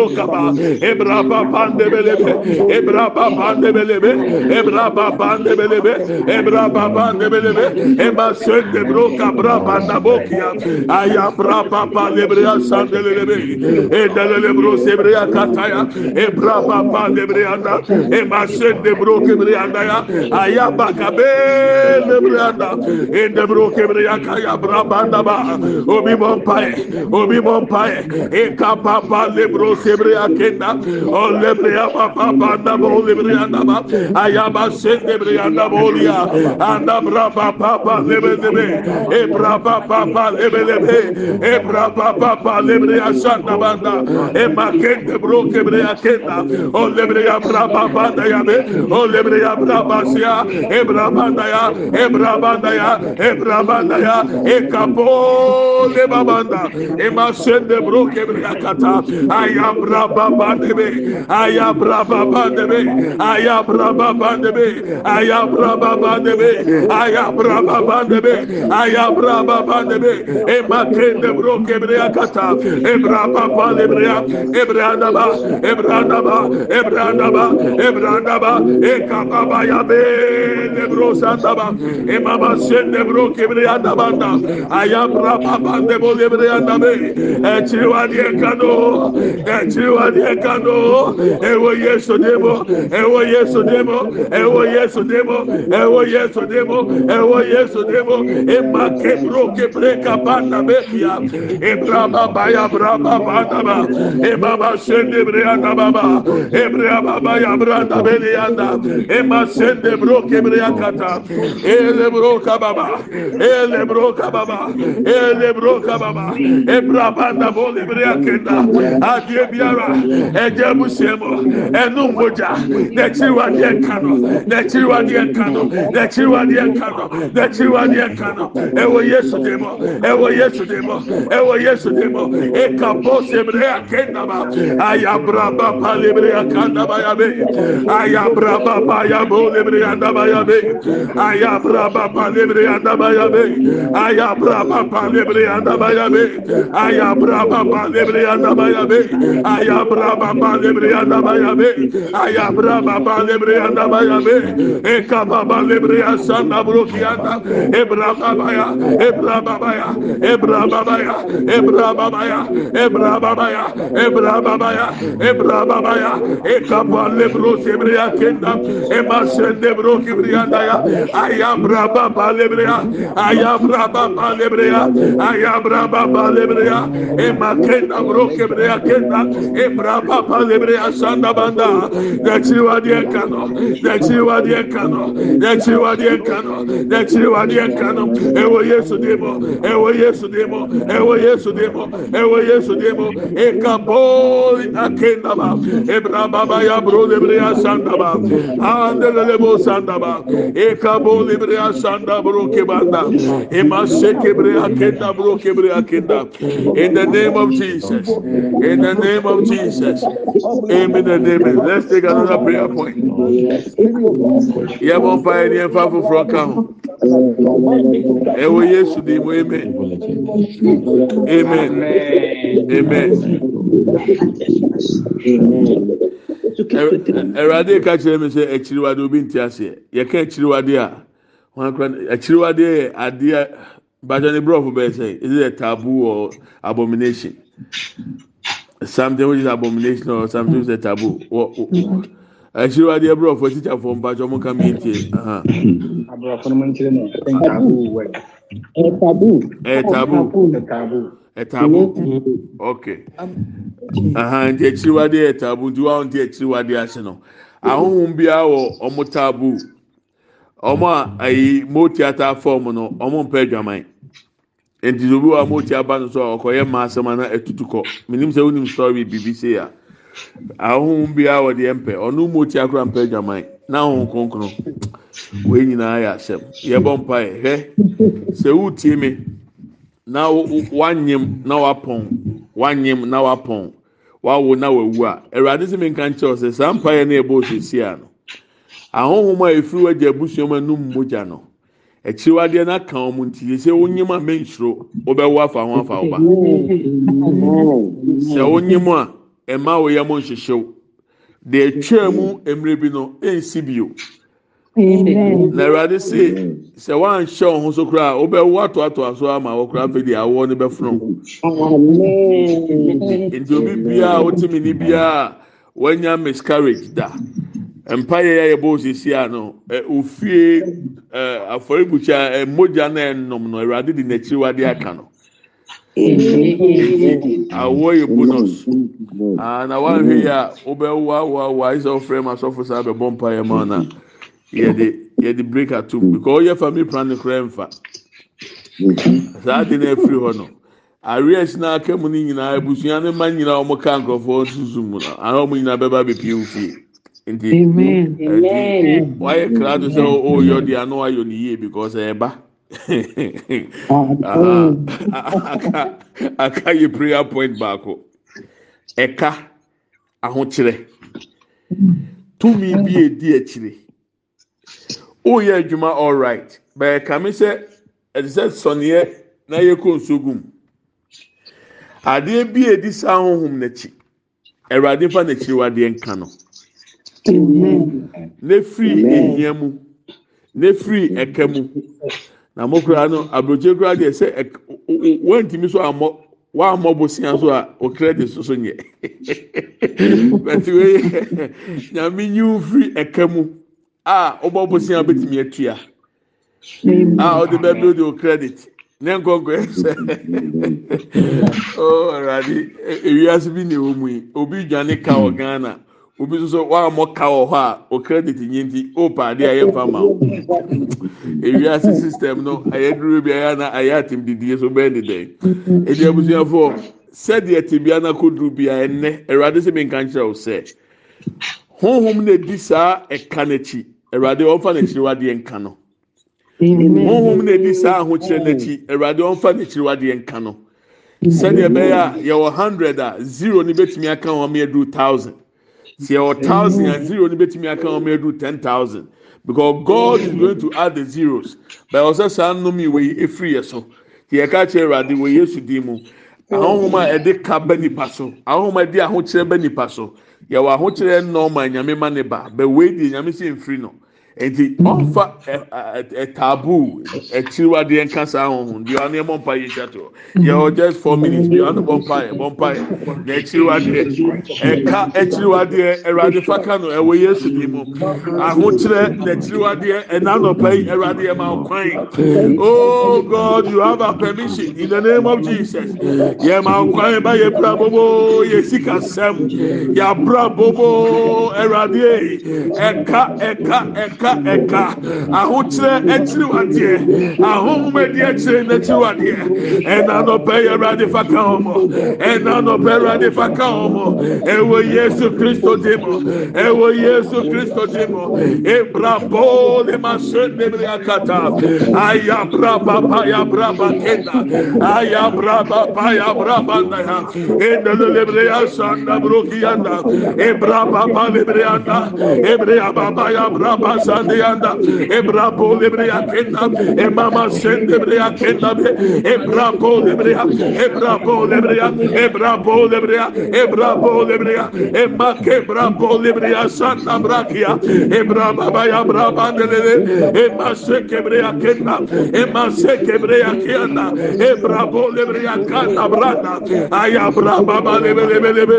rokaba ebraba pandebelebe bande belebe, ebraba pandebelebe ebraba pandebelebe eba sönde broka braba nabokia aya braba pandebreya sandelelebe edelele bro sebreya kataya ebraba pandebreya eba sönde broke breya ya aya bakabe lebreya ende broke breya kaya braba ndaba obi bompaye obi e kapapa ekapa pandebreya debrea kenda o lebrea papa panda bo lebrea nama ayaba sen debrea na bolia anda bra papa papa lebe lebe e bra papa papa lebe lebe e bra papa papa lebrea santa banda e ma makende bro kebrea kenda o lebrea bra papa da ya yabe o lebrea bra basia e bra banda ya e bra banda ya e bra banda ya e, e kapo le babanda e ma sen de bro kebrea kata ayaba ba E E e ayabrababandebe ayabrababandebe ayabrababandebe ayabrababandebe ayabrababandebe ayabrababandebe emakende brokebreya kata ebrababa lebreya ya ebradaba ebradaba ebradaba ekababa ba lebrosandaba emama sende brokebreya dabanda ayabrababandebo lebreya dabe echiwa diekado anekano eoyesudemo eyesudeoeses eso emakebrokebrekaaa ebraya aabraa ebryaaaa emae bokebaa ɛjɛ musɛmɔ ɛnunmoja nɛtiwa diɛkanɔ nɛtiwa diɛkanɔ nɛtiwa diɛkanɔ nɛtiwa diɛkanɔ ɛwɔ yesu demɔ ɛwɔ yesu demɔ ɛwɔ yesu demɔ ekapɔse ebre ya ke daba aya brabapa lebreakadabaya be aya brabapa yabo ebreadaaya be ayabrabapaebreadabaya be ayabrabapaaya aybrabapaeadaaya be ayabrabaaebreaabayaeayabrababalebreadabayabe ekapabale brea sana brokiyanda ebrababaya ebrababaya ebrababaya ebrababaya ebrababaya ebrababaya ebrababaya ekapalebroki ebreya keda emasenne broki briandaya aya brababaleebreya ayabrababalebreya ayabrababaleebreya emakena broki ebreya keda that you are the Ekano, that you are the Ekano, that you are the Ekano, that you are the Ekano, Ewo Yesu Demo, Ewo Yesu Demo, Ewo Yesu Demo, Ewo Yesu Demo, Ekaboli Akendaba, Ebrababa Yabro de Brea Sandaba, Andelebo Sandaba, Ekaboli Brea Sandabro Kebanda, Emaseke Libre Kenda Bro Libre Kenda, in the name of Jesus, in the name name of Jesus. Amen and amen. Let's take another prayer point. Yẹ́bọ̀ mpa ẹni ẹ̀fà foforọ kan. Ẹ wọ Yéṣu ní ìmọ̀ amen. Amen. Amen. Ẹ̀rọ̀adé ká kyerẹ́ mi sẹ́ ẹ̀kyiriwade obi ntí aseɛ. Yẹ ká ẹ̀kyiriwade a, wọn akora ẹ̀kyiriwade yẹ adeɛ bàtà ni búrọ̀fù bẹ́ẹ̀ sẹ́yìn, is it a taboo or abomination? something which is abomination or something which is a taboo aṣíwá di ẹbúrọ̀fọ̀ tíjà fọ̀ mpàtjọ́ mú ká mi ń tiẹ̀. àbúrọ̀fọ̀ ni mo ń tiẹ̀ náà ẹ̀ tabu wẹ̀. ẹ̀ taboo. ẹ̀ taboo. ẹ̀ tabu. ẹ̀ tabu. ok. nti akyiriwa taboo. ẹ̀ tabu nti wàá nti akyiriwa di ase no. ahohun bi wɔ ɔmo tabu ɔmo a ayi mo tiata fɔm no ɔmo mpɛ adwaman. aɔɔyɛ ma sn kɔ sɛwobrbsɛ woɔnu ae smeka kyɛsɛ saa ɛ sooɛfi ya buano akyiriwadeɛ no aka wɔn nti sɛ wonyim a mensuro wobɛwo afa ho afa woba sɛ wonyim a ɛma woyɛ mo nhyehyew deɛ atwaa mu mmerɛ bi no ɛnsi bio na awurade se sɛ woanhyɛ wo ho so koraa wobɛwo atoatoa so ama wɔkora afɛdi awoɔ no bɛfono nti obi biara wotumi ni biara wanya miscarriage da mpaeɛ yɛ e, e, e, a osisi ano ofie afɔrebukya mogya na ɛnom no awurade de n'akyiri wade aka no awɔ yɛ bonus na wahwɛ yɛ a wobɛwa wa wa ayisa ɔfrɛ mu asɔfo saa bɛbɔ mpaeɛ ma na yɛde yɛde break atum because ɔyɛ family planning kora mfa saa de na efiri hɔ no arias na aka mu ne nyinaa abusua ne ma nyinaa wɔn ka nkorɔfoɔ nsusu mu no ara wɔn nyinaa bɛba bɛpie ofie. Amen. Why you cry to sɛ ɔyɛ ɔde ano ayɔ ne yie because eba. ɛɛba aka pray a point oh, baako a ahokyerɛ tumi bi edi akyire ɔyɛ adwuma alright bɛɛ kame sɛ ɛde sɛ sɔneɛ na yɛ kɔ nsuo gum adeɛ bi edi saa ahohom n'akyi ɛwɛ adeɛ fa n'akyi wadeɛ nka no. n'efiri ehia mu n'efiri ɛkɛ mu na mo kura no aburokye kura deɛ sɛ ɛk wɔntumi so amɔ wɔamɔ bosia so a okra de soso nyɛ <laughs> bɛti wei <laughs> nyame nyiw firi ɛkɛ mu a ɔbɔ bosia betumi atua a ɔde bɛ build your credit ne nkɔnkɔ ɛsɛ ɔɔ <laughs> ɛwurade oh, ewia so bi na ewu mu yi obi dwane ka wɔ ghana. obi nso so wammɔ ka wɔ hɔ a o credit nye nti o paade a yɛ nfa ma o <laughs> ewiase system no ayɛ duro bi ayɛ ana ayɛ atim didie so bɛyɛ ne dɛn edi abusuafo sɛdeɛ te bi anako duro bi a ɛnɛ ɛwurade sɛ mi nka nkyerɛ o sɛ honhom na edi saa ɛka n'akyi ɛwurade ɔnfa n'akyiri wadeɛ nka no honhom na edi saa ahokyerɛ n'akyi ɛwurade ɔnfa n'akyiri wadeɛ nka no sɛdeɛ bɛyɛ a yɛwɔ hundred a zero ni bɛtumi aka wɔn mi yɛ thousand. sɛ yɛwɔ thousand and zero no bɛtumi aka wɔn aduru ten thousand because God is going to add the zeros but ɔsɛ saa nnum yi wɔ efiri yɛ so yɛka kyerɛ Awurade wɔ Yesu din mu ahohoma a ɛde ka bɛ nipa so ahohoma a ɛde ahokyerɛ bɛ nipa so yɛwɔ ahokyerɛ nnɔɔma nyame ma ne ba bɛ wei di nyame si nfiri no. nti ɔnfa mm. ɛtaabu eh, eh, eh, ɛkyiriwadeɛ nkasa ahohun deɛ ɔne ɛbɔ mpa yɛ kyɛ to yɛ mm. wɔ just four minutes deɛ ɔne bɔ mpa yɛ bɔ mpa yɛ deɛ ɛkyiriwadeɛ ɛka ɛkyiriwadeɛ ɛwurade faka no ɛwɔ yesu bi mu ahokyerɛ na ɛkyiriwadeɛ ɛnanɔpa yi ɛwurade ɛma ɔkwan oh god you have a permission in the name of jesus yɛ ma ɔkwan ba yɛ pra bobo yɛ sika sɛm yɛ abra bobo ɛwurade ɛka ɛka ɛka. e n ss r sandeyanda ebra bol ebreya kenda emama sende ebreya kenda be ebra bol ebreya ebra bol ebreya ebra bol ebreya ebra bol ebreya emma kebra bol ebreya sanda brakia ebra baba ya bra bandelele emma se kebreya kenda emma se kebreya kenda ebra bol ebreya kanda branda aya bra baba lebe lebe lebe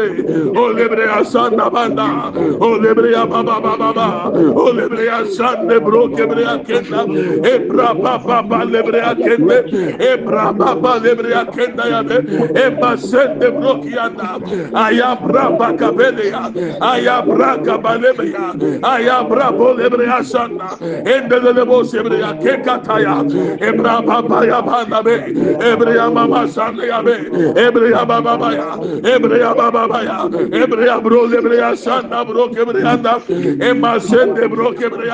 o lebreya sanda banda o lebreya baba baba baba o lebreya saebrokebreakeda ebrapapapaebreakede ebra papalebrea kedayae emasende brokiyana ayabrapakabeleya ayabrakabalebeya ayabrabolebrea saa endededebos ebrea kekataya ebra papayabanabe ebrea mamasayabeebrabbbr babroebrasaabrokbaa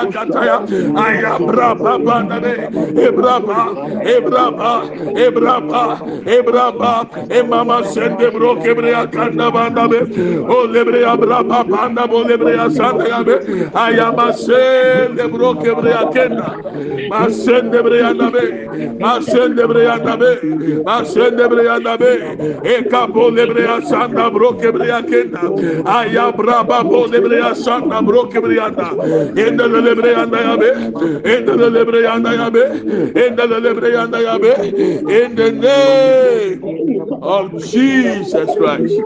Kataya Kataya Aya Braba Bandane Ebraba Ebraba Ebraba Ebraba Emama Sende Bro Kebreya Kanda Bandabe O Lebreya Braba Banda Bo Lebreya Sandaya Be Aya Masende Bro Kebreya Kenda Masende Breya Nabe Masende Breya Nabe Masende Breya Nabe Eka Bo Lebreya Sanda Bro Kebreya Kenda Aya Braba Bo Lebreya Sanda Bro Kebreya Kenda Endele lebre yanda yabe lebre yanda yabe lebre yanda yabe in the name of Jesus Christ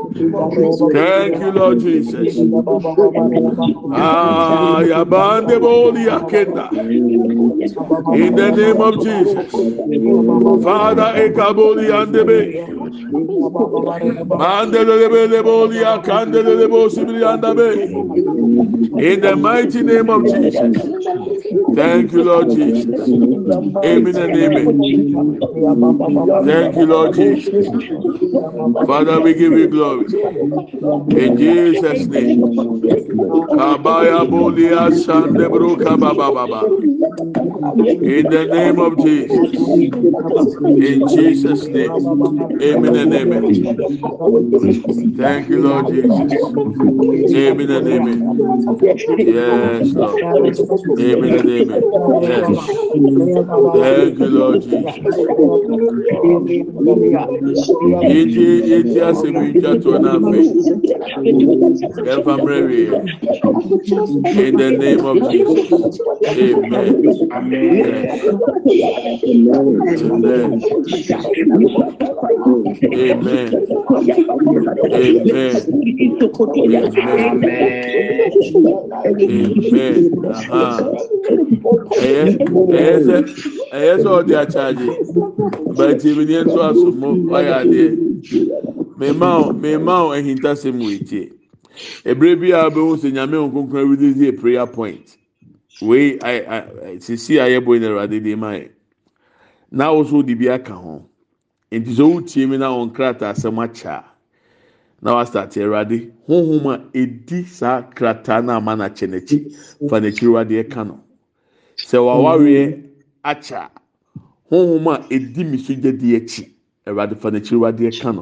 thank you Lord Jesus ayabande ah, boli akenda in the name of Jesus Father ekaboli andebe andele boli in the mighty name of Jesus Thank you, Lord Jesus. Amen and amen. Thank you, Lord Jesus. Father, we give you glory. In Jesus' name. In the name of Jesus. In Jesus' name. Amen and amen. Thank you, Lord Jesus. Amen and amen. Yes, Lord. Amen and amen. Yes. Thank you, Lord Jesus. Yeti yeti asemu ija to anafe. Efa mrewe. In the name of Jesus. Amen. Amen. Amen. Amen. Amen. Amen. Amen. ɛyɛ sɛ ɔde akyaagye buti bɛniɛ nto aso m ɔyɛ adeɛ memma wo ahintasɛ m wɛtie ɔbrɛ bia wbɛhu sɛ nyame wo nkronkra a widediɛ praapoint eisisii ayɛ bɔi ne wuradedeɛ maɛ na wo so wodibi aka ho nti sɛ wotie mi no wɔ krata asɛm akyɛa na wasate awurade honhom a ɛdi saa krataa no ama no akyɛ n'akyi fa n'akyi awurade ɛka no sɛ wawareɛ mm-hmm. akyɛ a honhom a ɛdi me so gyadi eh, akyi awurade fa n'akyi awurade ɛka no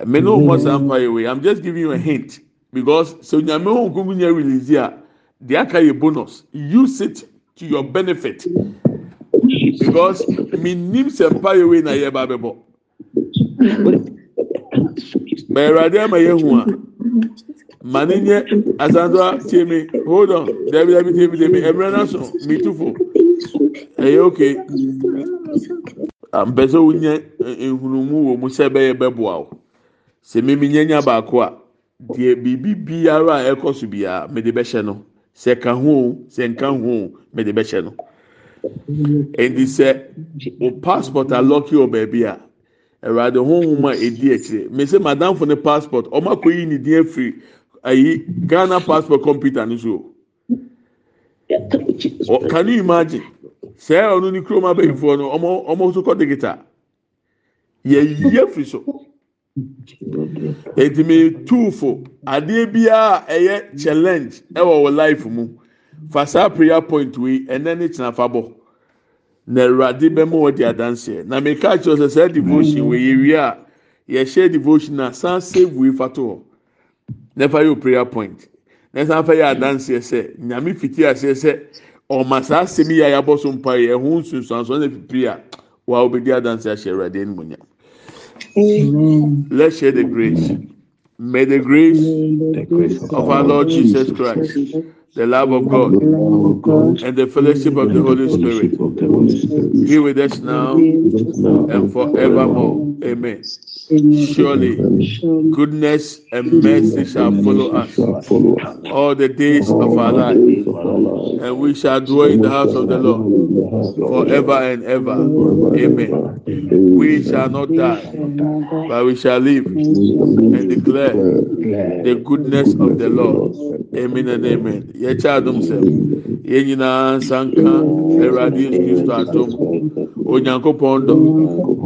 eh, me no mmɔ saa mpa yɛ wei i'm just giving you a hint because sɛ onyame honhom nyɛ release a deɛ aka yɛ bonus use it to your benefit because me nim sɛ mpa yɛ wei na yɛ ba bɛbɔ ma awurade ama yɛ hu a ma ne nyɛ asantoa hold on dabi dabi tie mi tie mi mmerɛ n'aso mi tu fo ɛyɛ okay mpɛ sɛ wonyɛ nhunumu wɔ mu sɛ bɛyɛ bɛboa o sɛ mi mi nyanya baako a deɛ biribi biara a ɛkɔ so biara mi de bɛhyɛ no sɛ ka ho o sɛ nka ho o mi de bɛhyɛ no ɛdi sɛ o passport alɔki wɔ oh, baabi a. Ah awurade honhom a ɛdi akyire mese madamfo ne passport ɔmo akɔyi ne din afiri ayi ghana passport computer no so o can you imagine sɛ ɔno ne kurom abɛyifoɔ no ɔmo ɔmo so kɔ digita yɛyi afiri so edime tuufo adeɛ biara ɛyɛ challenge ɛwɔ wɔ life mu fa saa prayer point wei ɛnɛ ne tena fa bɔ na awurade bɛma wɔde adanseɛ na meka kyerɛ sɛ saa devotion wɔ yɛwie a yɛhyɛ devotion a san save wei fa hɔ na yɛ prayer point na san fa yɛ adanseɛ sɛ nyame fiti aseɛ sɛ ɔma saa asɛm yi a yɛabɔ so mpa yɛ ho nsonsanso na fipiri a wa wɔbɛdi adanseɛ ahyɛ awurade anim nya let's share the grace may the grace of our lord jesus christ. the love of God, and the fellowship of the Holy Spirit be with us now and forevermore. Amen. Surely, goodness and mercy shall follow us all the days of our life, and we shall dwell in the house of the Lord forever and ever. Amen. We shall not die, but we shall live and declare the goodness of the Lord. Amen and amen. yɛkyɛ adom sɛ yɛn nyinaa nsanka awurade yesu kristo atom onyankopɔn dɔ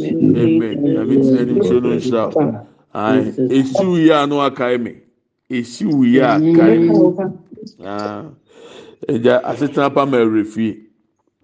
m amitinni se no nsha ɛsiwuyaa noa kae me ɛsiwuyaa kae ah. asitana pame wrefie